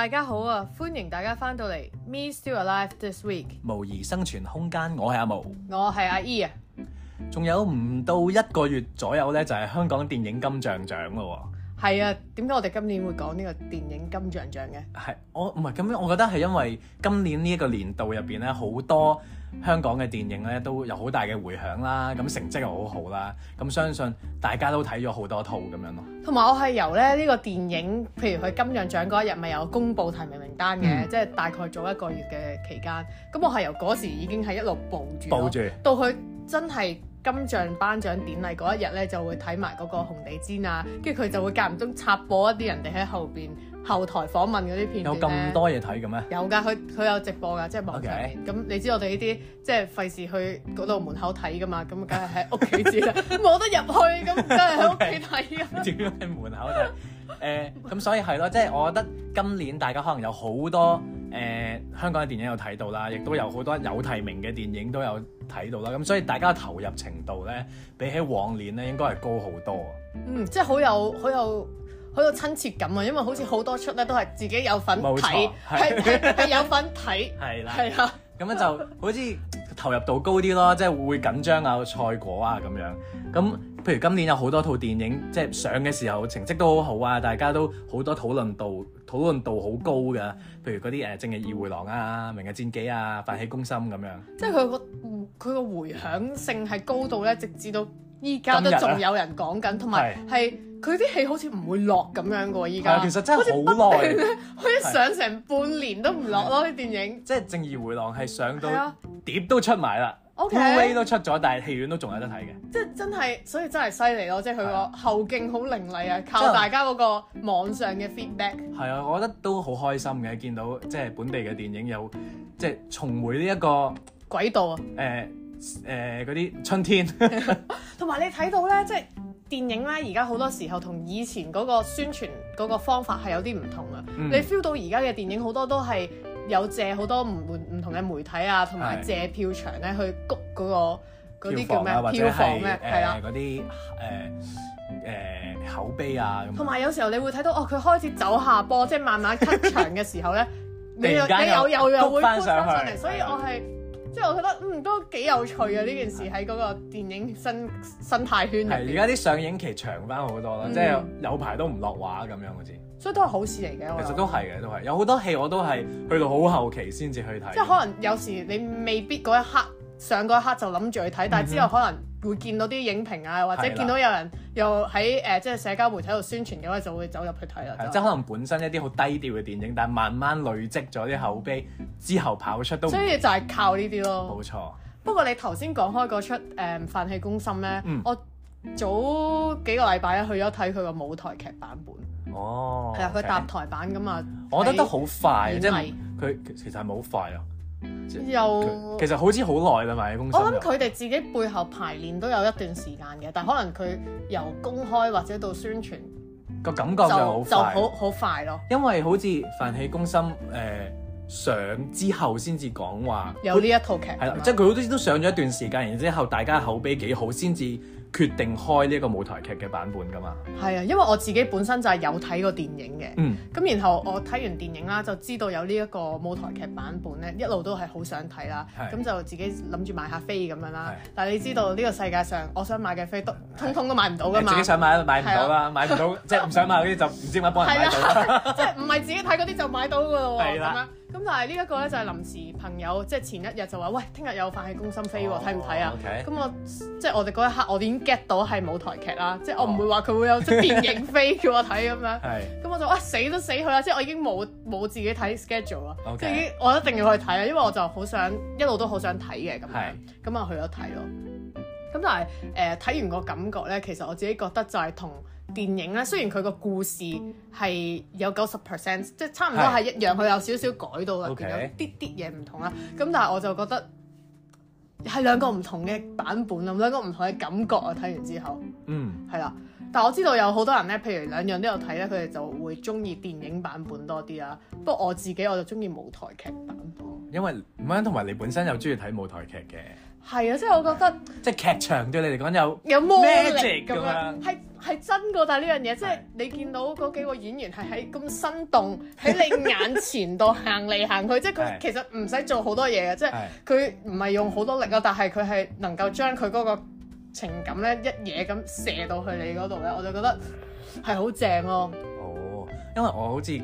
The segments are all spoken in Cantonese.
大家好啊！歡迎大家翻到嚟，Me Still Alive This Week，模擬生存空間，我係阿毛，我係阿 E 啊！仲有唔到一個月左右呢，就係香港電影金像獎咯。係啊，點解我哋今年會講呢個電影金像獎嘅？係，我唔係咁樣，我覺得係因為今年呢一個年度入邊呢，好多。香港嘅電影咧都有好大嘅迴響啦，咁成績又好好啦，咁相信大家都睇咗好多套咁樣咯。同埋我係由咧呢、呢個電影，譬如佢金像獎嗰一日咪有公布提名名單嘅，嗯、即係大概早一個月嘅期間，咁我係由嗰時已經係一路報住，著到佢真係金像頒獎典禮嗰一日呢，就會睇埋嗰個紅地毯啊，跟住佢就會間唔中插播一啲人哋喺後邊。後台訪問嗰啲片有咁多嘢睇嘅咩？有噶，佢佢有直播噶，即係網上。咁 Okay. 你知我哋呢啲即係費事去嗰度門口睇噶嘛？咁梗係喺屋企睇啦，冇得入去，咁梗係喺屋企睇。咁點解喺門口睇？誒，咁所以係咯，即係我覺得今年大家可能有好多誒、呃、香港嘅電影有睇到啦，亦都、嗯、有好多有提名嘅電影都有睇到啦。咁所以大家投入程度咧，比起往年咧，應該係高好多。嗯，即係好有好有。好有親切感啊！因為好似好多出咧都係自己有份睇，係係錯有份睇，係啦，係啊，咁樣就好似投入度高啲咯，即係會緊張啊、賽果啊咁樣。咁，譬如今年有好多套電影，即係上嘅時候成績都好好啊，大家都好多討論度，討論度好高㗎。譬如嗰啲誒《正義二回廊》啊，《明日戰記》啊，《飯戲攻心》咁樣。即係佢個佢個迴響性係高到咧，直至到依家都仲有人講緊，同埋係。佢啲戲好似唔會落咁樣嘅喎，依家其實真係好耐，好似上成半年都唔落咯啲電影。即係《正義回廊》係上到碟都出埋啦 Blu-ray 都出咗，但係戲院都仲有得睇嘅。即係真係，所以真係犀利咯！即係佢個後勁好凌厲啊，靠大家嗰個網上嘅 feedback。係啊，我覺得都好開心嘅，見到即係本地嘅電影有即係重回呢一個軌道啊！誒誒，嗰啲春天。同埋你睇到咧，即係。電影咧，而家好多時候同以前嗰個宣傳嗰個方法係有啲唔同啊！你 feel 到而家嘅電影好多都係有借好多唔唔同嘅媒體啊，同埋借票場咧去谷嗰個嗰啲叫咩？票房咩？係啦，嗰啲誒誒口碑啊。同埋有時候你會睇到哦，佢開始走下坡，即係慢慢 cut 場嘅時候咧，你又你又又又會 cut 翻上嚟，所以我係。即係我覺得嗯都幾有趣啊！呢、嗯、件事喺嗰個電影生生態圈裏面，而家啲上映期長翻好多咯，嗯、即係有排都唔落畫咁樣嗰啲。所以都係好事嚟嘅。其實都係嘅，都係有好多戲我都係去到好後期先至去睇。即係可能有時你未必嗰一刻上嗰一刻就諗住去睇，嗯、哼但係之後可能。會見到啲影評啊，或者了見到有人又喺誒、呃、即係社交媒體度宣傳嘅話，就會走入去睇啦。了就即係可能本身一啲好低調嘅電影，但係慢慢累積咗啲口碑之後跑出都。所以就係靠呢啲咯。冇錯。不過你頭先講開嗰出誒《飯、嗯、氣攻心》呢，嗯、我早幾個禮拜去咗睇佢個舞台劇版本。哦。係啊，佢搭台版咁嘛。嗯、是我覺得都好快，藝即係佢其實係冇快啊。又其實好似好耐啦，萬喜公。我諗佢哋自己背後排練都有一段時間嘅，但可能佢由公開或者到宣傳，個感覺就好就好好快咯。因為好似《飯戲攻心》誒、呃、上之後先至講話有呢一套劇，係啦，即係佢好似都上咗一段時間，然之後大家口碑幾好先至，決定開呢一個舞台劇嘅版本㗎嘛？係啊， 因為我自己本身就係有睇過電影嘅。嗯。咁然後我睇完電影啦，就知道有呢一個舞台劇版本咧，一路都係好想睇啦。咁是、嗯、就自己諗住買下飛咁樣啦。是但係你知道呢個世界上，我想買嘅飛都通通都買唔到㗎嘛、啊？自己想買都買唔到啦，買唔到即係唔想買嗰啲就唔知點解幫人買到。係啊，即係唔係自己睇嗰啲就買到㗎喎。係啦。 咁但係呢一個咧就係臨時朋友，嗯、即係前一日就話：喂，聽日有飯喺公心飛喎，睇唔睇啊？咁、哦 okay. 我即係我哋嗰一刻，我已經 get 到係舞台劇啦，哦、即係我唔會話佢會有即係電影飛叫我睇咁樣。咁是我就哇、啊、死都死去啦！即係我已經冇冇自己睇 schedule 啦，Okay. 即係我一定要去睇啊，因為我就好想一路都好想睇嘅咁樣。咁啊是去咗睇咯。咁但係誒睇完個感覺咧，其實我自己覺得就係同。電影咧，雖然佢個故事係有九十 percent，即係差唔多係一樣，佢是有少少改到啦，Okay. 有啲啲嘢唔同啦。咁但係我就覺得係兩個唔同嘅版本啊，兩個唔同嘅感覺啊。睇完之後，嗯，係啦。但係我知道有好多人咧，譬如兩樣都有睇咧，佢哋就會中意電影版本多啲啦。不過我自己我就中意舞台劇版本，因為唔係，同埋你本身又中意睇舞台劇嘅。係啊，即係我覺得，即係劇場對你嚟講有有魔力咁樣，係係、啊、真㗎。但係呢樣嘢，的即係你見到嗰幾個演員係喺咁生動喺的你眼前度行嚟行去， 即係佢其實唔使做好多嘢嘅，的即係佢唔係用好多力啊，但係佢係能夠將佢嗰個情感咧一嘢咁射到去你嗰度咧，我就覺得係好正咯。哦，因為我好似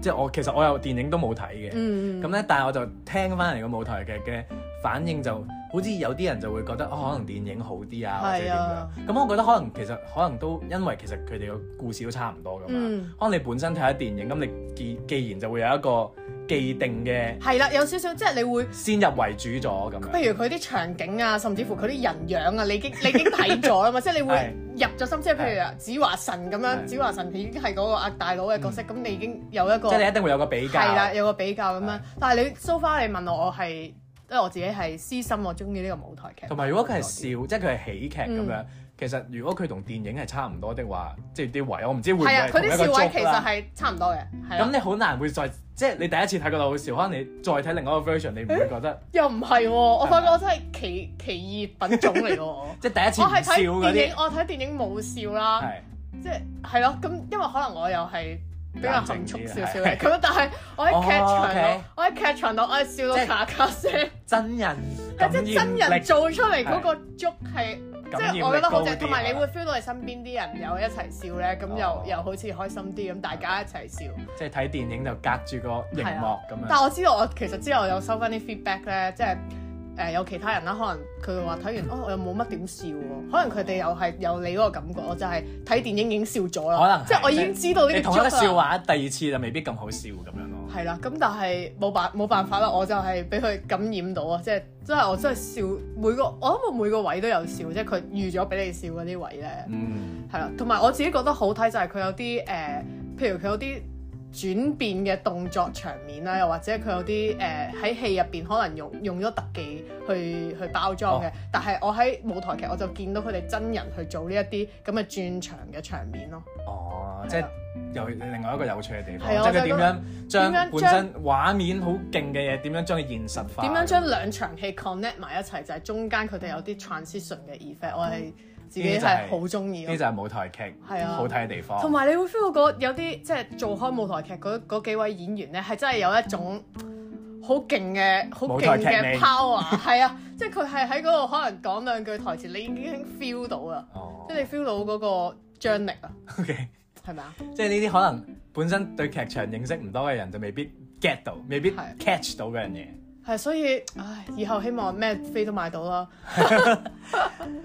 即係我其實我有電影都冇睇嘅，咁咧、嗯，但係我就聽翻嚟個舞台劇嘅。反應就好似有啲人就會覺得可能電影好啲啊，或者點樣？咁我覺得可能其實可能都因為其實佢哋個故事都差唔多噶嘛。可能你本身睇下電影，咁你既既然就會有一個既定嘅係啦，有少少即係你會先入為主咗咁樣。譬如佢啲場景啊，甚至乎佢啲人樣啊，你已經你已經睇咗啦嘛，即係你會入咗心。即係譬如子華神咁樣，子華神已經係嗰個阿大佬嘅角色，咁你已經有一個即係你一定會有個比較係啦，有個比較咁樣。但係你 so far 你問我，我係。因為我自己係私心，我中意呢個舞台劇。同埋，如果佢係笑，即係佢係喜劇咁樣，其實如果佢同電影係差唔多的話，即係啲位我唔知會唔會。係啊，佢啲笑位其實係差唔多嘅。咁你好難會再即係你第一次睇嗰度好笑，可能你再睇另外一個 version，你唔會覺得。又唔係喎，我發覺真係奇奇異品種嚟喎。即係第一次睇電影，我睇電影冇笑啦。係，即係係咯，咁因為可能我又係。比較含蓄少少嘅，咁 但係我喺劇場度， 哦、我喺劇場度，我係笑到咔咔聲。真人，即係 真人做出嚟嗰個 joke 係，即係我覺得好正，同埋 你會 feel 到你身邊啲人有一齊笑咧，咁、 嗯、又、哦、又好似開心啲，咁大家一齊笑。即係睇電影就隔住個熒幕咁樣。啊、但係我知道，我其實之後有收翻啲 feedback 咧，就是，即係。誒、呃、有其他人啦，可能佢話睇完、哦，我又冇乜點笑喎。可能佢哋又係有你嗰個感覺，我就係睇電影已經笑咗啦。可能即係是我已經知道呢啲。你同一個笑話，第二次就未必咁好笑咁樣咯。係啦、嗯，咁但係冇辦冇辦法啦，嗯、我就係俾佢感染到啊！即係真係我真係笑每個，我諗每個位都有笑，即係佢預咗俾你笑嗰啲位咧。嗯。係啦，同埋我自己覺得好睇就係佢有啲誒、呃，譬如佢有啲。呃轉變嘅動作場面啦，又或者佢有啲誒喺戲入邊可能用用咗特技去去包裝嘅，哦、但係我喺舞台劇、嗯、我就見到佢哋真人去做呢一啲咁嘅轉場嘅場面咯。哦，即係又另外一個有趣嘅地方，的即係佢點樣將本身畫面好勁嘅嘢點樣將佢現實化？點樣將兩場戲 connect 埋一齊？就係、是、中間佢哋有啲 transition 嘅 effect。嗯、我係。自己係好中意，呢就係舞台劇，係啊，好睇嘅地方。同埋你會 feel 到有啲即係做開舞台劇嗰幾位演員咧，係真係有一種好勁嘅、好勁嘅 power。係你 啊，即係佢係喺嗰度可能講兩句台詞，你已經 feel 到啦，即係你 feel 到嗰個張力啊。OK，係咪啊？即係呢啲可能本身對劇場認識唔多嘅人，就未必 get 到，未必 catch 到嘅樣嘢。係，所以唉，以後希望咩飛都買到啦。咁、嗯、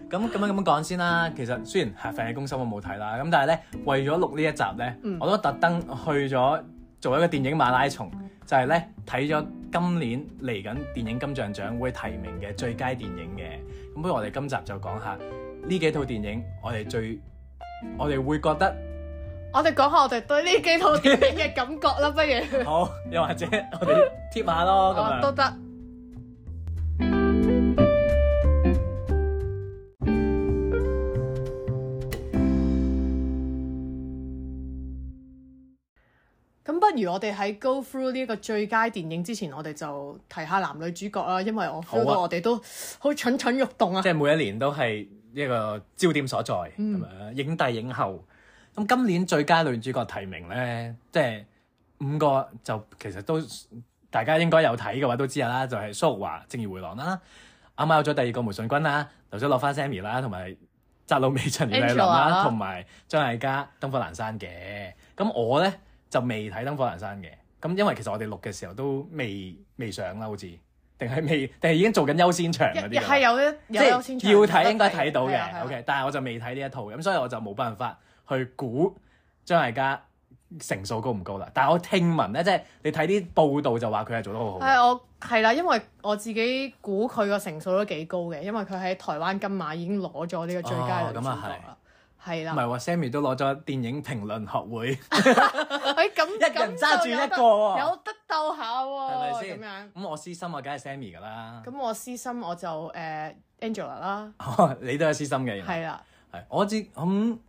咁、嗯、 樣咁樣講先啦。其實雖然《飯戲攻心》，我冇睇啦，咁但係咧，為咗錄呢一集咧，我都特登去咗做一個電影馬拉松，就係咧睇咗今年嚟緊電影金像獎會提名嘅最佳電影嘅。咁不如我哋今集就講下呢幾套電影，我哋最我哋會覺得。我哋講下我哋對呢幾套電影嘅感覺啦，不如 好，又或者我哋貼下咯，咁樣都得。咁不如我哋喺 Go Through 呢一個最佳電影之前，我哋就提下男女主角啦，因為我 feel 到我哋都好蠢蠢欲動啊！啊 即係每一年都係一個焦點所在，咁樣，影帝影后。咁今年最佳女主角提名咧，即係五個就其實都大家應該有睇嘅話都知啦，就係蘇玉華《正義回廊》啦，啱啱有咗第二個梅信君啦，有咗落花 Sammy 啦，同埋窄路微塵澧林啦，同埋張艾嘉《燈火闌珊》嘅。咁我咧就未睇《燈火闌珊》嘅，咁因為其實我哋錄嘅時候都未未上啦，好似定係未定係已經做緊優先場，係有一即係要睇應該睇到嘅，OK，但係我就未睇呢一套嘅，咁所以我就冇辦法。去估張艾嘉成數高唔高啦，但係我聽聞咧，即、就、係、是、你睇啲報道就話佢係做得好好、 啊。係我係啦、啊，因為我自己估佢個成數都幾高嘅，因為佢喺台灣金馬已經攞咗呢個最佳咁、哦、啊，角啦，係 啦、嗯。唔係話 Sammy 都攞咗電影評論學會，咁、嗯，一人揸住一個有得，有得鬥下喎、啊，咪先？咁樣咁、嗯、我私心啊，梗係 Sammy 㗎啦。咁、嗯、我私心我就誒、呃、Angela 啦。 你都有私心嘅人。係 啦是、啊，係我知咁。嗯嗯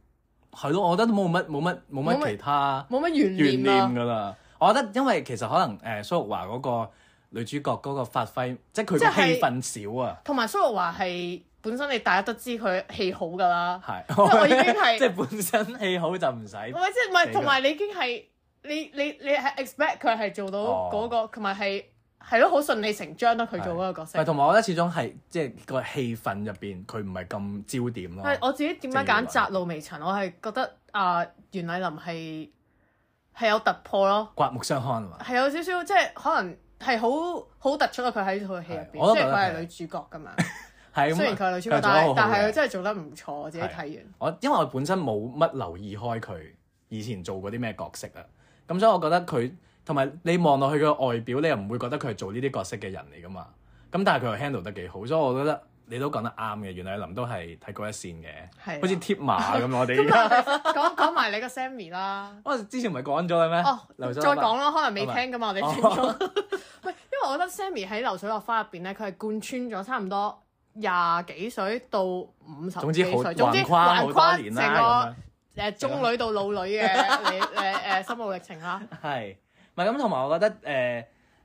係咯，我覺得都冇乜冇乜冇乜其他，冇乜懸念㗎啦。我覺得因為其實可能誒、呃、蘇玉華嗰個女主角嗰個發揮，即係佢戲份少啊。同埋蘇玉華係本身你大家都知佢戲好㗎啦，即係係我已經係即係本身戲好就唔使。唔係即係唔係，同埋你已經係你你你係 expect 佢係做到嗰、嗰個，同埋係。係咯，好順理成章咯，佢做嗰個角色。咪同埋我覺得始終係即係個氣氛入邊，佢唔係咁焦點咯。係我自己點解揀《窄路微塵》，我係覺得啊、呃、袁澧林係係有突破咯。刮目相看係嘛？係有少少即係可能係好好突出啊！佢喺套戲入邊，雖然佢係女主角㗎嘛。係雖然佢係女主角，但係佢真係做得唔錯。我自己睇完。我因為我本身冇乜留意開佢以前做過啲咩角色啊，咁所以我覺得佢。同埋你望落去嘅外表，你又唔會覺得佢係做呢啲角色嘅人嚟噶嘛？咁但係佢又 handle 得幾好，所以我覺得你都講得啱嘅。袁澧林都係睇過一線嘅，好似 Tia 咁。我哋講講埋你個 Sammy 啦。我之前唔係講咗啦咩？哦，再講咯，可能未聽㗎嘛。我哋串咗。因為我覺得 Sammy 喺《流水落花》入邊咧，佢係貫穿咗差唔多廿幾歲到五十幾歲，總之好橫跨好多年啦。成個誒中女到老女嘅誒誒心路歷程啊！係。唔係咁，同埋我覺得誒，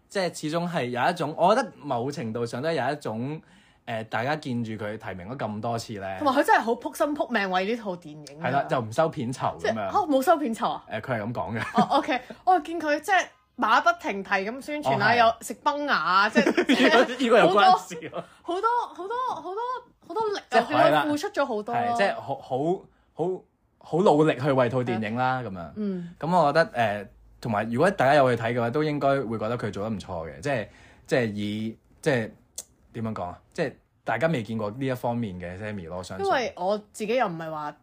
即係始終係有一種，我覺得某程度上都係有一種誒，大家見住佢提名咗咁多次咧。同埋佢真係好撲心撲命為呢套電影。係啦，就唔收片酬咁樣。嚇！冇收片酬啊？誒，佢係咁講嘅。O K，我見佢即係馬不停蹄咁宣傳啦，又食崩牙，即係好多好多好多好多力啊！佢付出咗好多咯。即係好好好好努力去為套電影啦，咁樣。嗯。咁我覺得誒。同埋，如果大家有去睇嘅話，都應該會覺得佢做得唔錯嘅，即係即係以即係點樣講啊？即係大家未見過呢一方面嘅 Sammy 咯。因為我自己又唔係話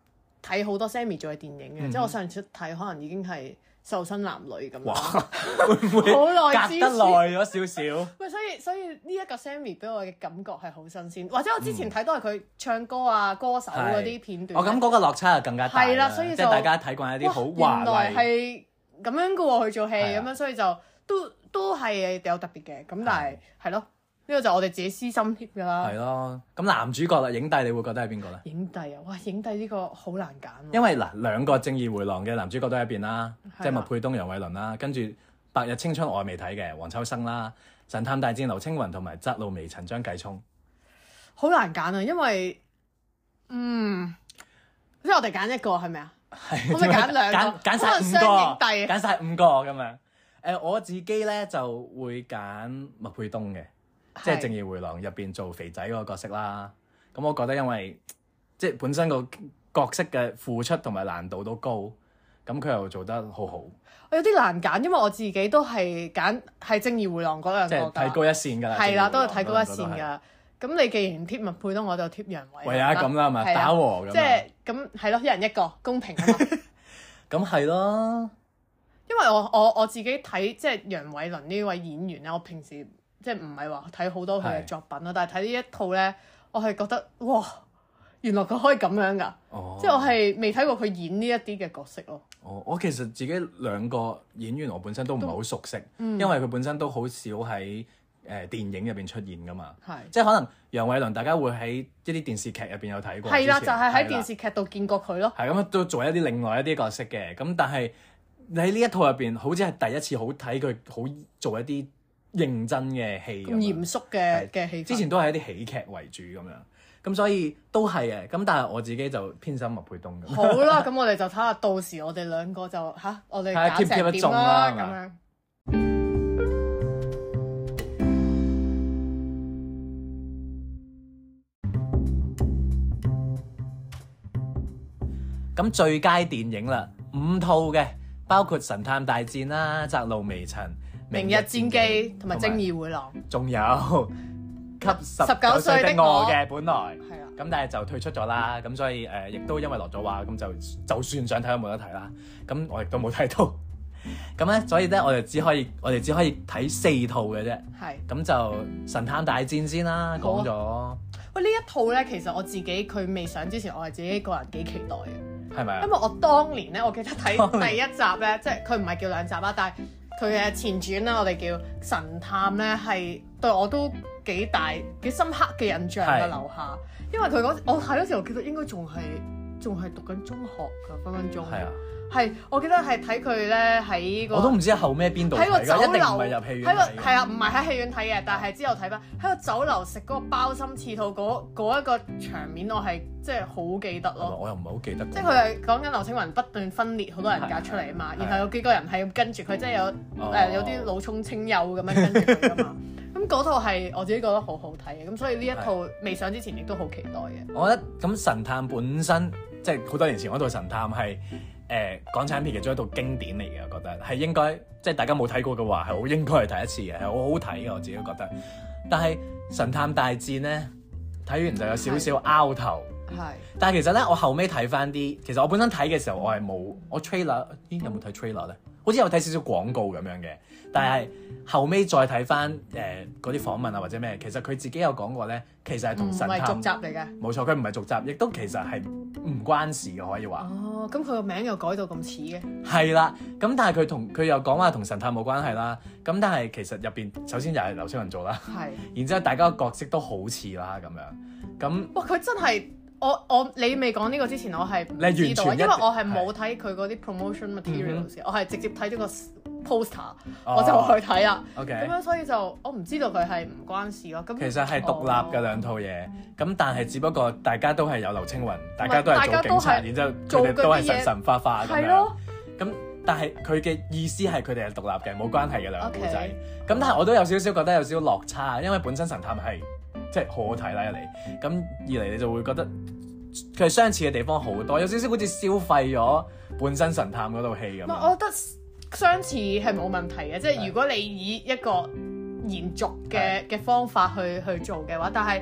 睇好多 Sammy 做嘅電影嘅，嗯、即係我上次睇可能已經係瘦身男女咁。會唔會好耐，得耐咗少少？喂 所以所以呢一個 Sammy 俾我嘅感覺係好新鮮，或者我之前睇、嗯、都係佢唱歌啊歌手嗰啲片段。的我感覺個落差又更加大，所以即係大家睇慣一啲好華麗咁樣噶喎，佢做戲咁、啊、樣，所以就都都係有特別嘅。咁但係係咯，呢、啊這個就我哋自己私心貼噶啦。係咯、啊，咁男主角啦，影帝你會覺得係邊個咧？影帝啊，哇，影帝呢、這個好難揀、啊。因為嗱，兩個正義迴廊嘅男主角都喺邊啦、啊，啊、即係麥沛東、楊偉倫啦、啊，跟住《白日青春》我未睇嘅，黃秋生啦、啊，《神探大戰》劉青雲同埋《窄路微塵》張繼聰。好難揀啊，因為，嗯，即係我哋揀一個係咪啊？我咪揀兩個，揀曬五個，揀晒五個咁樣。誒、呃，我自己咧就會揀麥佩東嘅，是即係《正義回廊》入邊做肥仔嗰個角色啦。咁、嗯、我覺得因為即係本身個角色嘅付出同埋難度都高，咁佢又做得好好。我有啲難揀，因為我自己都係揀係《正義回廊》嗰兩個，即係睇高一線㗎啦。係啦、啊，都係睇高一線㗎。咁你既然貼密配，我就貼楊偉倫。唯啊喂，咁啦但，係咪的打和咁？即係咁係咯，一人一個，公平。咁係咯，因為我我我自己睇即係楊偉倫呢位演員咧，我平時即係唔係話睇好多佢嘅作品咯，是但係睇呢一套咧，我係覺得哇，原來佢可以咁樣噶，oh. 即係我係未睇過佢演呢一啲嘅角色咯。哦，oh. 我其實自己兩個演員，我本身都唔係好熟悉，因為佢本身都好少喺，嗯誒、呃、電影入邊出現噶嘛，係是即係可能楊偉倫，大家會喺一啲電視劇入邊有睇過，係啦、啊，就係、是、喺電視劇度見過佢咯。係咁樣都做一啲另外一啲角色嘅，咁、嗯、但係你喺呢一套入邊，好似係第一次好睇佢好做一啲認真嘅戲咁嚴肅嘅嘅戲。之前都係一啲喜劇為主咁樣，咁、嗯、所以都係嘅。咁、嗯、但係我自己就偏心麥佩東咁。好啦，咁 我哋就睇下到時我哋兩個就吓，我哋假成點啦咁樣。 咁最佳電影啦，五套嘅，包括《神探大戰》啦，《窄路微塵》、《明日戰記》同埋以及《正義回廊》，仲有《給 十九歲的我》嘅本來咁，的但係就退出咗啦。咁所以誒、呃，亦都因為落咗話咁就就算想睇都冇得睇啦。咁我亦都冇睇到咁咧， 所以咧我哋只可以我哋只可以睇四套嘅啫。係咁的就《神探大戰先》先啦，講咗、啊、喂呢一套咧，其實我自己佢未上之前，我係自己個人幾期待嘅。係咪？因為我當年咧，我記得睇第一集咧， 即係佢唔係叫兩集啦，但係佢嘅前傳啦，我哋叫神探咧，係對我都幾大幾深刻嘅印象嘅留下。是因為佢嗰時，我睇嗰時候，我記得應該仲係，仲係讀緊中學㗎，分分鐘。係，我記得係睇佢咧，喺個我都唔知後尾邊度喺個酒樓，一定唔係入戲院。喺個係啊，唔係喺戲院睇嘅，但係之後睇翻喺個酒樓食嗰個鮑參翅肚嗰、嗰個、一個場面，我係即係好記得咯。係係我又唔係好記得、嗰個。即係佢係講緊劉青雲不斷分裂，好多人格出嚟嘛，係係係係係然後有幾個人係跟住佢，即係係係 有誒、哦、有啲老沖清幽咁樣跟住佢噶嘛。咁嗰、哦、 套係我自己覺得好好睇嘅，咁所以呢一套未上之前亦都好期待嘅。係係我覺得咁神探本身即係好多年前嗰套神探係。誒，呃，港產片其中一套經典嚟嘅，我覺得係應該，即係大家冇睇過嘅話，係好應該去睇一次嘅，係好好睇嘅，我自己覺得。但係《神探大戰》咧，睇完就有少少拗頭。係的。但係其實咧，我後尾睇翻啲，其實我本身睇嘅時候我，我係冇我 trailer，欸，有冇睇 trailer 咧？好似有睇少少廣告咁樣嘅。但係後尾再睇翻誒嗰啲訪問啊或者咩，其實佢自己有講過咧，其實係同神探唔係續集嚟嘅。冇錯，佢唔係續集，亦都其實係唔關事嘅，可以話。哦。咁佢個名又改到咁似嘅，係啦。咁但係佢同佢又講話同神探冇關係啦。咁但係其實入邊首先就係劉青雲做啦，係是。然之後大家個角色都好似啦咁樣。咁，哇！佢真係。我我你未講呢個之前，我係唔知道，因為我係冇睇佢嗰啲 promotion materials，我係直接睇咗個 poster，我就去睇啦。咁樣所以就我唔知道佢係唔關事咯。其實係獨立嘅兩套嘢，咁但係只不過大家都係有劉青雲，大家都係做警察，然之後佢哋都係神神化化咁樣。咁但係佢嘅意思係佢哋係獨立嘅，冇關係嘅兩個仔。咁但係我都有少少覺得有少少落差，因為本身神探係。即係好好睇啦，一嚟，咁二嚟你就會覺得佢係相似嘅地方好多，有少少好似消費咗《半身神探》嗰套戲咁。我覺得相似係冇問題嘅，的即係如果你以一個延續嘅嘅的方法去去做嘅話，但係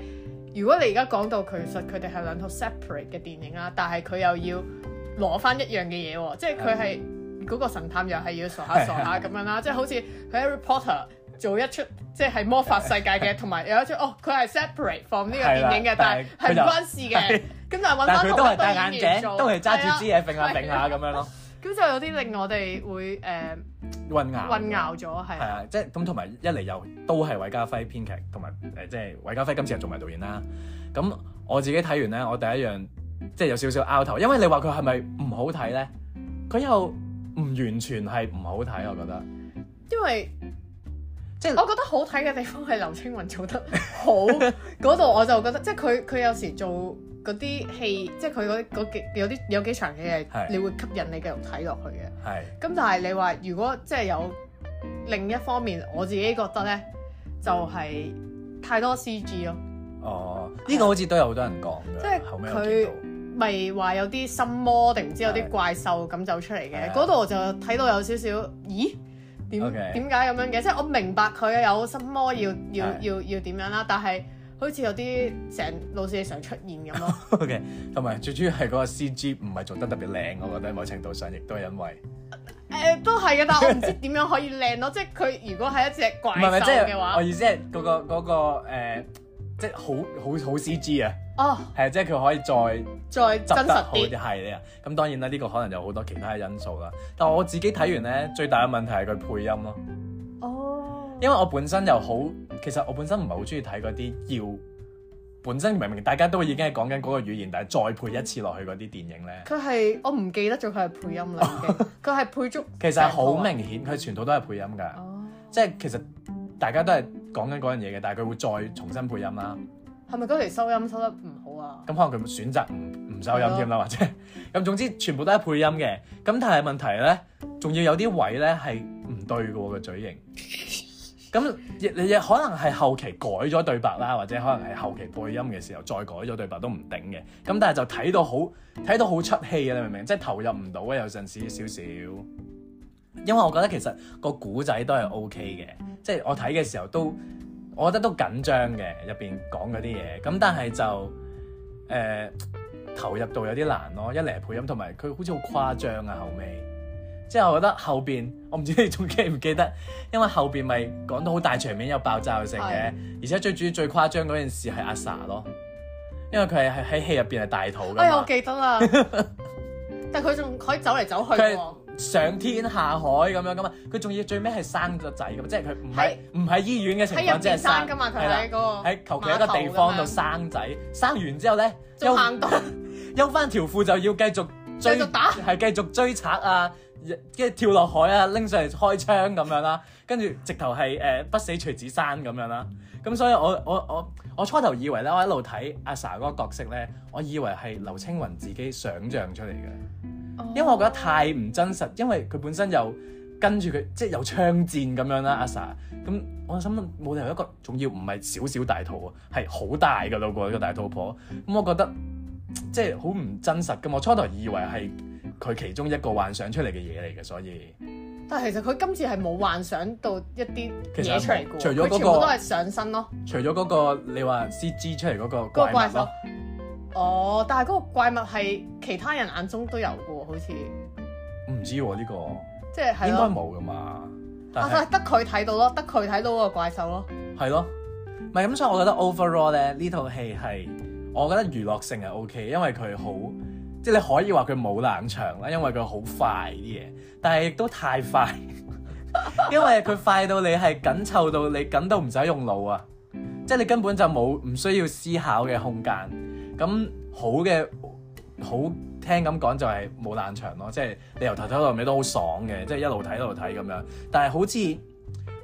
如果你而家講到其實佢哋係兩套 separate 嘅電影啦，但係佢又要攞翻一樣嘅嘢喎，即係佢係嗰個神探又係要傻的下傻下咁樣啦，的即係好似佢係 reporter 做一齣即係魔法世界嘅，同埋有，有一齣哦，佢係 separate from 呢個的電影嘅，但係是係唔關事嘅。咁的就揾佢，都係戴眼鏡，都係揸住支嘢揈的下揈下咁的樣咯。咁 就有啲令我哋會誒、uh，混淆混淆咗，係係啊，即係咁同埋一嚟又都係韋家輝編劇，同埋誒即係韋家輝今次又做埋導演啦。咁我自己睇完咧，我第一樣即係、就是、有少少拗頭，因為你話佢係咪唔好睇咧？佢又唔完全係唔好睇，我覺得，因為。即係、就是、我覺得好睇嘅地方係劉青雲做得好嗰度， 我就覺得即係佢佢有時做嗰啲戲，即係佢嗰幾有啲有幾場嘅嘢，的你會吸引你繼續睇落去嘅。係的。咁但係你話如果即係有另一方面，我自己覺得咧，就係、是、太多 CG 咯。哦，呢、這個好似都有好多人講㗎。即係佢咪話有啲心魔定唔知有啲怪獸咁走出嚟嘅嗰度，的的就睇到有少少，咦？點點解咁樣嘅？即係 Okay. 我明白佢有心魔要要的要要點樣啦，但係好似有啲成老師成日出現咁咯。同埋、 okay. 最主要係嗰個 CG 唔係做得特別靚，嗯、我覺得某程度上亦都係因為誒、呃、都係嘅，但係我唔知點樣可以靚咯。即係佢如果係一隻怪獸嘅話、就是，我意思係嗰、那個嗰、那個那個呃即係好好好 CG 啊！哦，係啊、oh，即係佢可以再再執真實啲係啊！咁當然啦，呢、呢個可能有好多其他因素啦。但係我自己睇完咧，最大嘅問題係佢配音咯。哦，oh. 因為我本身又好，其實我本身唔係好中意睇嗰啲要本身明明大家都已經係講緊嗰個語言，但係再配一次落去嗰啲電影咧。佢係我唔記得咗佢係配音啦，佢係、oh. 配足。其實好明顯，佢 全套都係配音㗎。哦、oh，即係其實大家都係。講緊嗰樣嘢嘅，但係佢會再重新配音啦。係咪嗰期收音收得唔好啊？咁可能佢選擇唔唔收音添啦，吧或者咁總之全部都係配音嘅。咁但係問題咧，仲要有啲位咧係唔對嘅個嘴型。咁亦亦可能係後期改咗對白啦，或者可能係後期配音嘅時候再改咗對白都唔頂嘅。咁但係就睇到好睇到好出戲啊，你明唔明？即係投入唔到啊，有陣時少少。因為我覺得其實個古仔都係 OK 嘅，即係我睇嘅時候都，我覺得都緊張嘅，入邊講嗰啲嘢，咁但係就誒投入度有啲難咯，一嚟配音，同埋佢好似好誇張啊後尾，即係我覺得後邊，我唔知你仲記唔記得，因為後邊咪講到好大場面有爆炸性嘅，的而且最主要最誇張嗰件事係阿 Sa 咯，因為佢係喺戲入邊係大肚嘅。哎呀，我記得啦， 但係佢仲可以走嚟走去上天下海咁樣咁啊！佢仲要最尾係生咗仔咁，即係佢唔係唔係醫院嘅情況下生噶嘛？佢喺嗰個喺求其一個地方度生仔，生完之後咧，休休返條褲就要繼續追，係繼，繼續追賊啊！跟住跳落海啊，拎上嚟開槍咁樣啦，跟住直頭係誒不死徐子珊咁樣啦。咁所以我我我我，我初頭以為咧，我一路睇阿 Sa 嗰個角色咧，我以為係劉青雲自己想象出嚟嘅。因為我覺得太唔真實，因為佢本身又跟住佢，即係有槍戰咁樣啦，阿 Sir。咁我想問，冇理由一個仲要唔係少少大肚啊，係好大嘅咯，呢個大肚婆。咁我覺得即係好唔真實嘅。咁我初頭以為係佢其中一個幻想出嚟嘅嘢嚟嘅，所以。但係其實佢今次係冇幻想到一啲嘢出嚟嘅，啊，除咗嗰，嗰個都上身咯。除咗嗰，嗰個你話 CG 出嚟嗰個怪物咯。哦，oh, 但係嗰個怪物係其他人眼中都有嘅，好似唔知呢、啊呢個，即係、就是、應該冇嘅嘛。啊、得佢睇到咯，得佢睇到個怪獸咯，係咯，咪咁。所以我，我覺得 overall 咧呢套戲係我覺得娛樂性係 OK，因為佢好即係你可以話佢冇冷場啦，因為佢好快啲嘢，但係亦都太快， 因為佢快到你係緊湊到你緊 到唔使用腦啊，即、就、係、是、你根本就冇唔需要思考嘅空間。咁好嘅，好聽咁講就係冇爛場咯，即係你由頭睇到尾都好爽嘅，即係一路睇一路睇咁樣。但係好似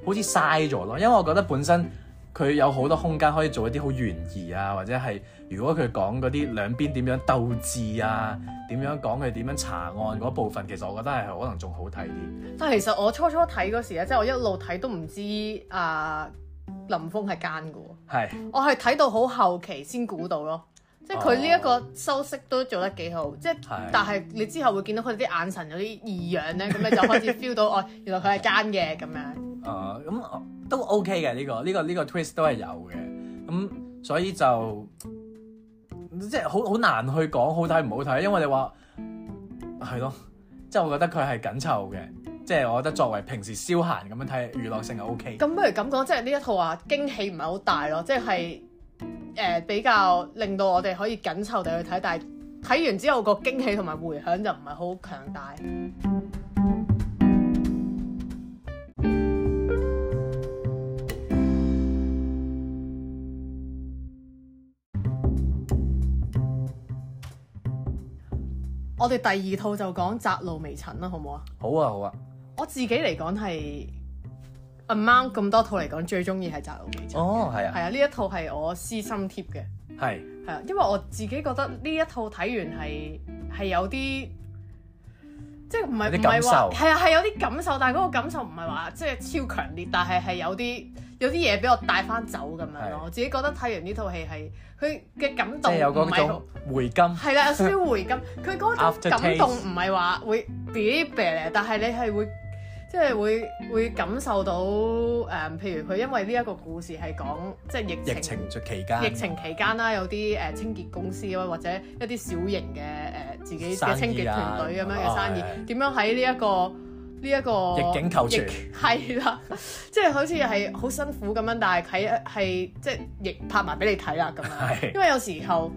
好似嘥咗咯，因為我覺得本身佢有好多空間可以做一啲好懸疑啊，或者係如果佢講嗰啲兩邊點樣鬥智啊，點樣講佢點樣查案嗰部分，其實我覺得係可能仲好睇啲。但係其實我初初睇嗰時咧，即係我一路睇都唔知阿林峰係奸嘅喎，是我係睇到好後期先估到咯。即係佢呢一個修飾都做得幾好，oh. 即係但係你之後會見到佢啲眼神有啲異樣咧，咁 你就開始 feel 到哦， 原來佢係奸嘅咁樣。誒、uh, 嗯，咁、嗯、都 OK 嘅呢、呢個，呢、呢個呢、呢個 twist 都係有嘅。咁、嗯、所以就即係好好難去講好睇唔好睇，因為你話係咯，即係我覺得佢係緊湊嘅，即係我覺得作為平時消閒咁樣睇娛樂性係 OK。咁、嗯、不如咁講，即係呢一套話驚喜唔係好大咯，即係。誒比較令到我哋可以緊湊地去睇，但係睇完之後個驚喜同埋迴響就唔係好強大。 我哋第二套就講窄路微塵啦，好唔好，好啊？好啊，好啊！我自己嚟講係。Among 咁多套嚟講，最中意係《窄路微塵》嘅。哦，係啊，係啊，呢一套係我私心貼嘅。係係是啊，因為我自己覺得呢一套睇完係係有啲，即係唔係唔係話係啊係有啲感，感受，但係嗰個感受唔係話即係超強烈，但係係有啲有啲嘢俾我帶翻走咁樣咯。是我自己覺得睇完呢套戲係佢嘅感動，係有嗰種回甘。係啦，有少回甘、 啊、少回甘。佢嗰種感動唔係話會 b e a b e l 但係你係會。即係會會感受到誒、嗯，譬如佢因為呢一個故事係講即係疫,疫情期間，疫情期間啦，有啲誒、呃、清潔公司啊，或者一啲小型嘅誒、呃、自己嘅清潔團隊咁樣嘅生意，點、啊哦、樣喺呢一個呢一、個逆境求存啦， 即係好似係好辛苦咁樣，但係佢係即係拍埋俾你睇啦咁啊，對因為有時候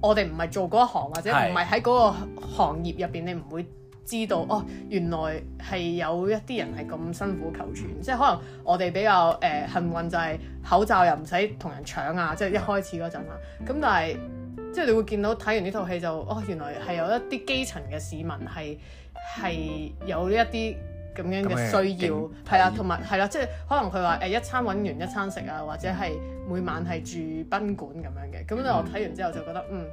我哋唔係做嗰行或者唔係喺嗰個行業入邊，你唔會。知道哦，原來係有一啲人係咁辛苦求存，即係可能我哋比較誒、呃、幸運就係口罩又唔使同人搶啊！即係一開始嗰陣啊，啦，咁但係即係你會見到睇完呢套戲就哦，原來係有一啲基層嘅市民係係有呢一啲咁樣嘅需要，係啊，同埋係啦，即係可能佢話誒一餐搵完一餐食啊，或者係每晚係住賓館咁樣嘅。咁咧，我睇完之後就覺得嗯，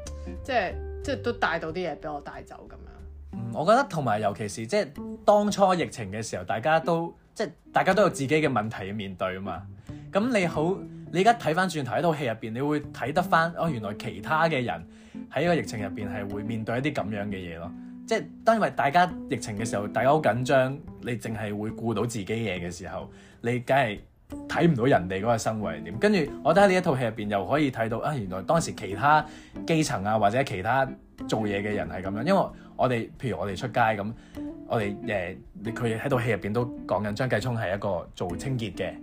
即係即係都帶到啲嘢俾我帶走咁樣。我覺得同埋，尤其是即係當初疫情嘅時候，大家都即係大家都有自己嘅問題要面對啊嘛。咁你好，你而家睇翻轉頭喺套戲入邊，你會睇得翻哦。原來其他嘅人喺呢個疫情入邊係會面對一啲咁樣嘅嘢咯。即係當因為大家疫情嘅時候，大家好緊張，你淨係會顧到自己嘢嘅時候，你梗係睇唔到人哋嗰個生活係點。跟住我覺得喺呢一套戲入邊又可以睇到啊，原來當時其他基層啊，或者其他做嘢嘅人係咁樣，因為，我哋譬如我哋出街咁，我哋誒，佢喺套戲入邊都講緊張繼聰係一個做清潔嘅，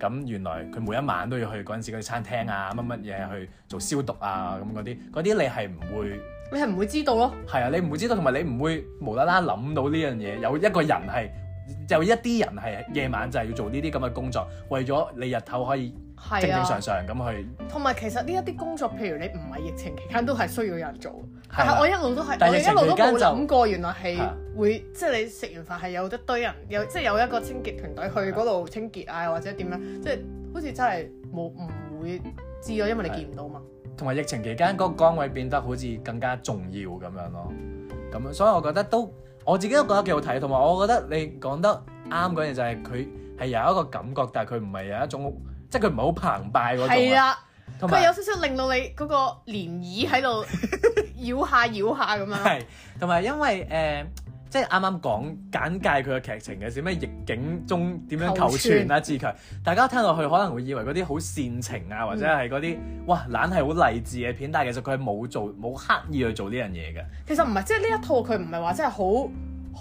咁原來佢每一晚都要去嗰陣時嗰啲餐廳啊乜乜嘢去做消毒啊咁嗰啲，嗰啲你係唔會，你係唔會知道咯。係啊，你唔會知道，同埋你唔會無啦啦諗到呢樣嘢，有一個人係，有一啲人係夜晚就係要做呢啲咁嘅工作，為咗你日頭可以。係、啊、正，正常常咁去，同埋其實呢一啲工作，譬如你唔係疫情期間都係需要人做，啊、但我一路都係我一路都冇諗過，就原來係會、啊、即係你食完飯係有一堆人有即係有一個清潔團隊去嗰度清潔啊，或者點樣，即係好似真係冇唔會知囉，因為你見唔到嘛。同埋、啊、疫情期間嗰、嗯、個崗位變得好似更加重要咁樣咯，咁所以我覺得都我自己都覺得幾好睇，同埋我覺得你講得啱嗰樣就係佢係有一個感覺，但係佢唔係有一種。即係佢唔係好澎湃嗰種，係啊，佢有少少令到你嗰個漣漪喺度搖下搖下咁樣。係，同埋因為誒、呃，即係啱啱講簡介佢嘅劇情嘅時，咩逆境中點樣求存啊自寸強，大家聽落去可能會以為嗰啲好煽情啊，或者係嗰啲哇懶係好勵志嘅片，但係其實佢係冇做冇刻意去做呢樣嘢嘅。其實唔係，即係呢一套佢唔係話真係好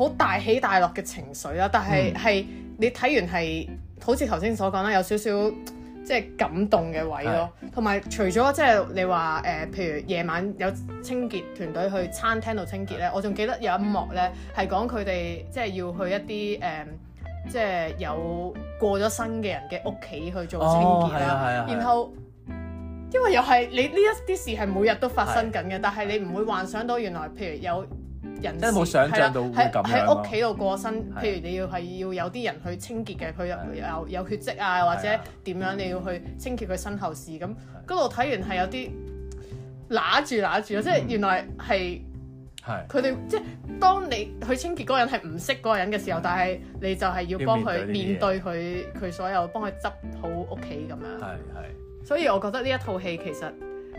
好大起大落嘅情緒啊，但係係、嗯、你睇完係好似頭先所講啦，有少少。即係感動嘅位咯，同埋的除咗即係你話誒，譬如夜晚有清潔團隊去餐廳度清潔呢，的我仲記得有一幕呢，係講佢哋即係要去一啲誒、呃，即係有過咗身嘅人嘅屋企去做清潔啦，哦、然後因為又係你呢一啲事係每日都發生緊嘅，的但係你唔會幻想到原來譬如有。真係冇想象到喺屋企度過身，譬如你要係要有啲人去清潔嘅，佢有有有血跡啊，或者點樣你要去清潔佢身後事咁。嗰度睇完係有啲拿住拿住咯，即係原來係佢哋即係當你去清潔嗰個人係唔識嗰個人嘅時候，但係你就係要幫佢面對佢佢所有，幫佢執好屋企咁樣。係係。所以我覺得呢一套戲其實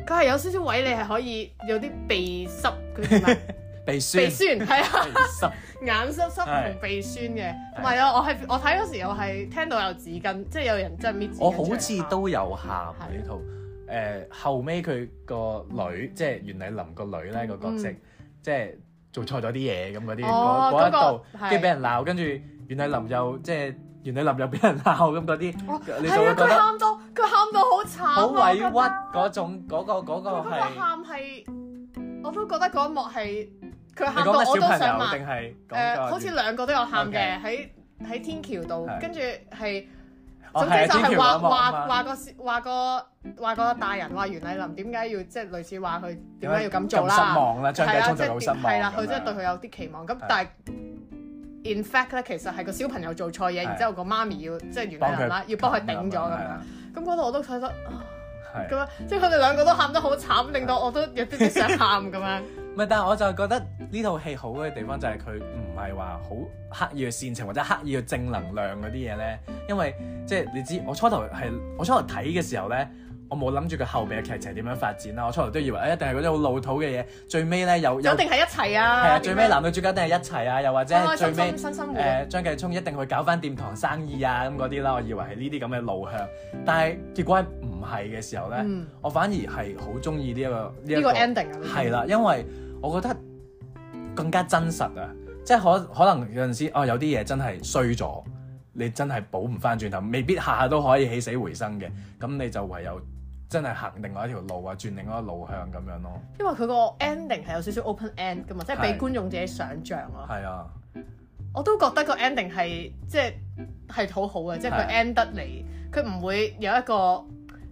佢係有少少位，你係可以有啲鼻濕鼻酸，係啊，眼濕濕同鼻酸嘅，唔係啊，我係我睇嗰時又係聽到有紙巾，即係有人真係搣，我好似都有喊呢套，誒後尾佢個女，即係袁澧林個女咧個角色，即係做錯咗啲嘢咁嗰啲，嗰嗰度跟住俾人鬧，跟住袁澧林又即係袁澧林又俾人鬧咁嗰啲。哦，係啊，佢喊到佢喊到好慘，好委屈嗰種嗰個嗰個係。嗰個喊係我都覺得嗰幕係。佢喊到我都想問，誒好似兩個都有喊嘅喺喺天橋度，跟住係總之就係話話話個話個話個大人話袁麗琳點解要即係類似話佢點解要咁做啦？失望啦，張繼聰真係好失望。係啦，佢真係對佢有啲期望。咁但係 in fact 呢，其實係個小朋友做錯嘢，然之後個媽咪要即係袁麗琳啦，要幫佢頂咗咁樣。咁嗰度我都睇得咁樣，即係佢哋兩個都喊得好慘，令到我都有啲啲想喊咁樣。唔係，但係我就係覺得呢套戲好嘅地方就係佢唔係話好刻意嘅煽情或者刻意嘅正能量嗰啲嘢咧，因為即係、就是、你知，我初頭係我初頭睇嘅時候咧，我冇諗住佢後面嘅劇情點樣發展啦。我初頭都以為、哎、一定係嗰啲好老土嘅嘢，最尾咧又定一定係一齊啊，係啊，最尾男女主角一定係一齊啊，又或者最尾誒、啊呃、張繼聰一定去搞翻店堂生意啊咁嗰啲啦，我以為係呢啲咁嘅路向，但係結果唔係嘅時候咧，嗯、我反而係好中意呢一個呢、這個、個 ending 啊，係啦，因為，因為我覺得更加真實啊！即係可可能有陣時哦，有啲嘢真係衰咗，你真係補唔翻轉頭，未必下下都可以起死回生嘅。咁你就唯有真係行另外一條路啊，轉另一個路向咁樣咯。因為佢個 ending 係有少少 open end 嘅嘛，是即係俾觀眾自己想像咯。係啊，我都覺得個 ending 係即係係好好嘅，即係佢 end 得嚟，佢唔會有一個、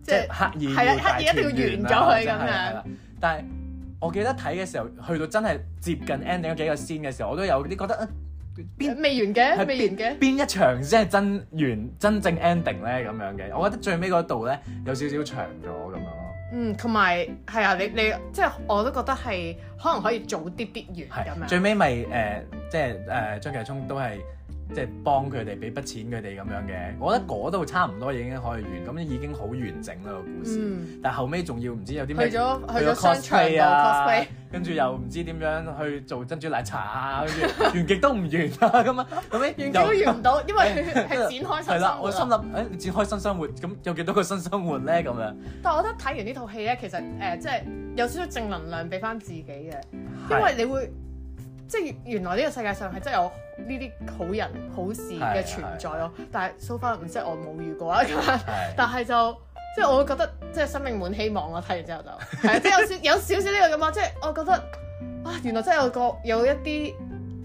就是、即係刻意、啊，係啊，刻意一定要完咗佢咁樣，啊啊啊、但係。我記得睇嘅時候，去到真係接近 ending 嗰幾個 scene 嘅時候，我都有啲覺得啊，邊未完嘅，係未完嘅，邊一場先係真完真正 ending 咧？咁樣嘅。我覺得最尾嗰度咧有少少長咗咁樣咯。嗯，同埋係啊，你你即係、就是、我都覺得係可能可以早啲啲完咁樣。最尾咪誒，即係誒張繼聰都係。即係幫佢哋俾筆錢佢哋咁樣嘅，我覺得嗰度差唔多已經可以完，咁已經好完整啦個故事。嗯、但後尾仲要唔知有啲咩去咗了去咗、啊、商場 cosplay 啊，嗯、跟住又唔知點樣去做珍珠奶茶啊，跟住 完極都唔完啦咁啊，後尾完極都完唔到， 因為係展開新生活。係啦， 我心諗誒，展、欸、開新生活，咁有幾多個新生活咧？咁、嗯、樣。但係我覺得睇完呢套戲咧，其實誒即係有少少正能量俾翻自己嘅，因為你會。 即係原來呢個世界上係真係有呢啲好人好事嘅存在咯，但係 so far 唔知我冇遇過啊，但係就即係我會覺得即係生命滿希望咯。睇完之後就係即係有少少呢個咁嘛。即係、呢個、我覺得啊原來真係有個有一啲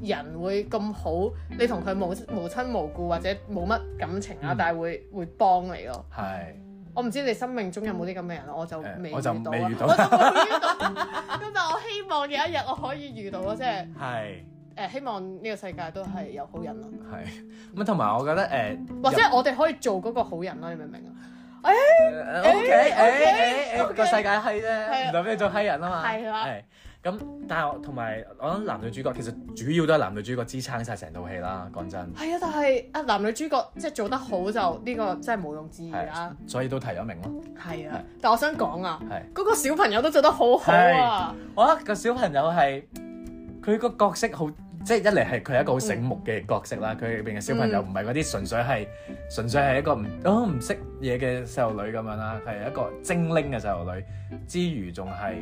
人會咁好，你同佢無無親無故或者冇乜感情啊，嗯、但係會會幫你咯。係。我唔知你生命中有冇啲咁嘅人咯，我就未遇到。我就未遇到。咁但係我希望有一日我可以遇到咯，即係。係。誒，希望呢個世界都係有好人咯。係。咁同埋我覺得誒。或者我哋可以做嗰個好人咯，你明唔明啊？誒，OK，誒誒誒，個世界閪啫，唔代表做閪人啊嘛。係。咁、嗯，但係同埋我諗男女主角，其實主要都係男女主角支撐晒成套戲啦。講真，係啊，但係啊，男女主角即係做得好就呢，這個真係毋庸置疑啦，啊啊。所以都提咗名咯。係啊，是但係我想講啊，係是個小朋友都做得好好啊。我覺得個小朋友係佢個角色好。即係一嚟係佢係一個好醒目嘅角色啦，佢入邊嘅小朋友唔係嗰啲純粹係、嗯、純粹係一個唔唔識嘢嘅細路女咁樣啦，係一個精靈嘅細路女之餘仲係，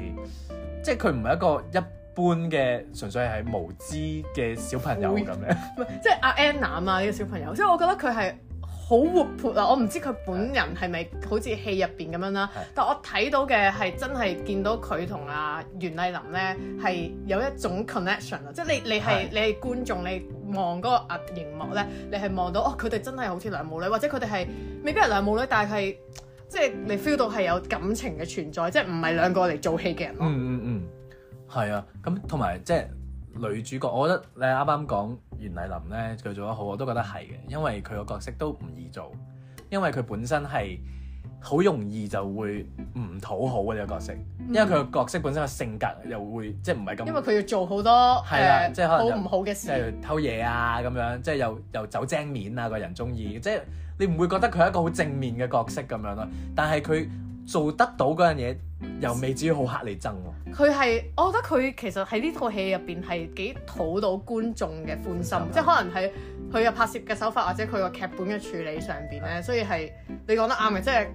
即係佢唔係一個一般嘅純粹係無知嘅小朋友咁樣，喂 即係阿 Emma 啊呢個小朋友，所以我覺得佢係。好活潑啊！我唔知佢本人係咪好似戲入邊咁樣啦，啊，是的 但我睇到嘅係真係見到佢同阿袁澧林咧係有一種 connection 啊！即係你你係是的 你係觀眾，你望嗰個熒幕咧，你係望到哦，佢哋真係好似兩母女，或者佢哋係未必係兩母女，但係即係你 feel 到係有感情嘅存在，即係唔係兩個嚟做戲嘅人咯，啊嗯。嗯嗯嗯，係啊，咁同埋即係。女主角，我覺得你啱啱講袁澧林咧佢做得好，我都覺得係嘅，因為佢個角色都唔易做，因為佢本身係好容易就會唔討好嘅呢個角色，嗯、因為佢個角色本身個性格又會即係唔係咁，因為佢要做好多誒，啊呃、即係可能好唔好嘅事，即偷嘢啊咁樣，即係又又走精面啊個人中意，即係你唔會覺得佢係一個好正面嘅角色咁樣咯，但係佢。做得到嗰樣嘢，又未至於好乞人憎喎。佢係，我覺得佢其實喺呢套戲入邊係幾討到觀眾嘅歡心，即係可能係佢嘅拍攝嘅手法，或者佢個劇本嘅處理上邊咧，嗯、所以係你講得啱嘅，即係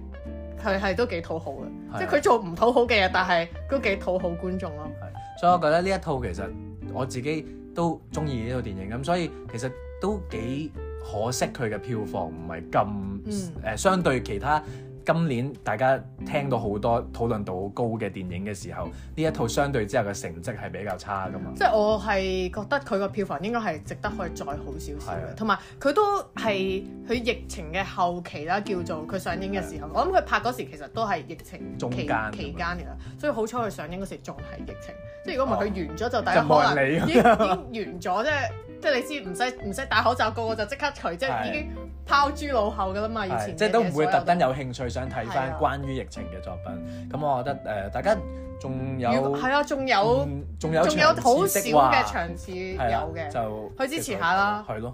佢係都幾討好嘅。即係佢做唔討好嘅嘢，但係都幾討好觀眾咯。係，所以我覺得呢一套其實我自己都中意呢套電影咁，所以其實都幾可惜佢嘅票房唔係咁誒，嗯、相對其他。今年大家聽到好多討論度好高嘅電影嘅時候，呢一套相對之下嘅成績係比較差噶嘛。即係我係覺得佢個票房應該係值得可以再好少少嘅，同埋佢都係佢疫情嘅後期啦，嗯、叫做佢上映嘅時候。嗯、我諗佢拍嗰時其實都係疫情期間期間㗎，所以好彩佢上映嗰時仲係疫情。即係如果唔係佢完咗就大家可能已經，哦、已經完咗，即係。即係你知唔使唔使戴口罩個個就的即刻除，即係已經拋諸腦後㗎啦嘛。以前即係都唔會特登有興趣想睇翻關於疫情嘅作品。咁的我覺得誒、呃，大家仲有係啊，仲有仲、嗯、有仲有好少嘅場次有嘅，就去支持下啦，係咯。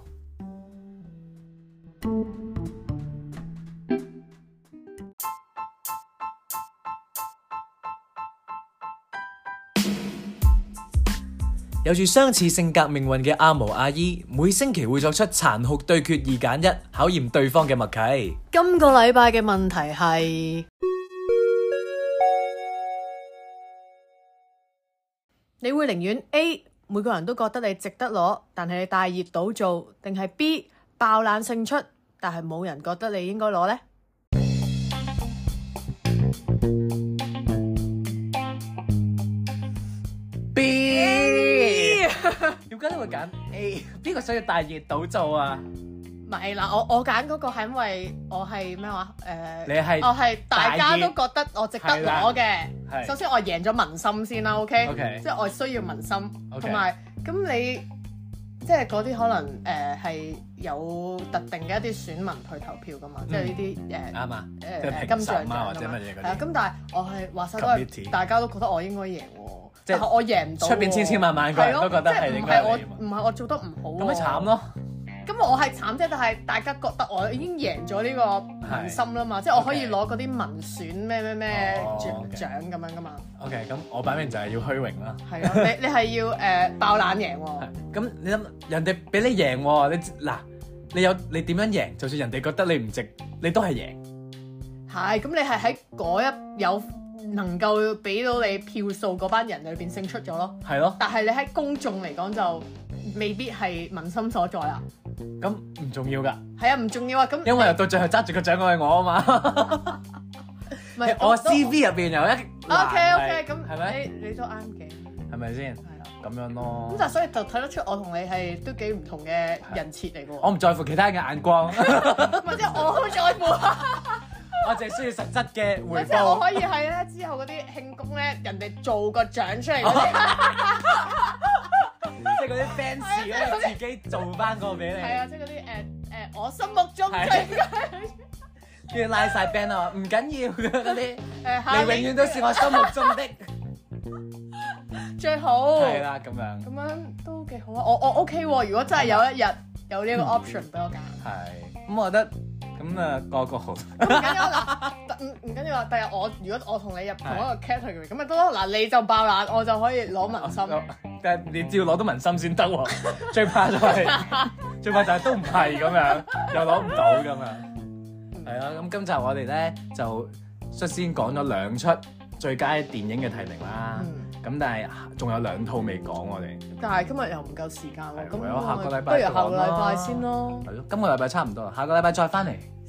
有住相似性格命運嘅阿毛阿姨，每星期會作出殘酷對決二揀一，1，考驗對方嘅默契。今個禮拜嘅問題係： 你會寧願 A，每個人都覺得你值得攞，但是你大熱倒灶；定係 B 爆冷勝出，但係冇人覺得你應該攞呢？點解你會揀？誒，邊個想要大熱倒灶啊？唔係嗱，我我揀嗰個係因為我係咩話？誒，你係我係大家都覺得我值得攞嘅。首先我贏咗民心先啦。OK，即係我需要民心，同埋咁你即係嗰啲可能誒係有特定嘅一啲選民去投票噶嘛？即係呢啲誒啱啊，誒金像獎或者乜嘢嗰啲。咁但係我係話晒都係大家都覺得我應該贏。即係我贏唔到，出邊千千萬萬個人都覺得係係、啊、我唔係我做得唔好咁、啊、咪慘咯。咁 我係慘啫，但係大家覺得我已經贏咗呢個民心啦嘛。對即係我可以攞嗰啲民選咩咩咩獎咁 okay. 樣噶嘛。OK，咁我擺明就係要虛榮啦。係咯 啊，你你係要誒、呃、爆冷贏喎、啊。咁 你諗人哋俾你贏喎、啊。你嗱你有你點樣贏？就算人哋覺得你唔值，你都係贏。係咁，你係喺嗰一有，能夠俾到你票數嗰班人裏邊勝出咗咯，係咯。但係你喺公眾嚟講就未必係民心所在啦。咁唔重要㗎。係啊，唔重要啊。咁因為又到最後揸住個獎嘅係我啊嘛。唔係，我 CV 入邊有一男係。O K O K，咁係咪？你你都啱嘅。係咪先？係啊，咁樣咯。咁就所以就睇得出我同你係都幾唔同嘅人設嚟㗎喎。我唔在乎其他人嘅眼光。唔係，我好在乎。我淨係需要實質嘅回報，即係我可以係咧之後嗰啲慶功咧，人哋做個獎出嚟，即係嗰啲 fans 咧自己做翻個俾你，係啊，即係嗰啲誒誒，我心目中嘅要拉晒 band 啊，唔緊要啲誒，你永遠都是我心目中的最好，係啦，咁樣咁樣都幾好啊，我我 OK 喎，如果真係有一日有呢個 option 俾我揀，係，咁我覺得。咁啊，個個好唔緊要嗱，唔唔緊要啦，第日我如果我同你入同一個 category 咁咪得是啦的，嗱你就爆冷，我就可以攞民心。 但係你只要攞到民心先得喎，最怕就係、是、 最怕就係、是、都唔係咁樣， 又攞唔到咁啊。係啊，咁今集我哋咧就率先講咗兩出最佳電影嘅提名啦。咁、嗯、但係仲有兩套未講，我哋但係今日又唔夠時間喎。的我不如下個,禮拜下個禮拜先咯。係咯，今個禮拜差唔多啦，下個禮拜再翻嚟。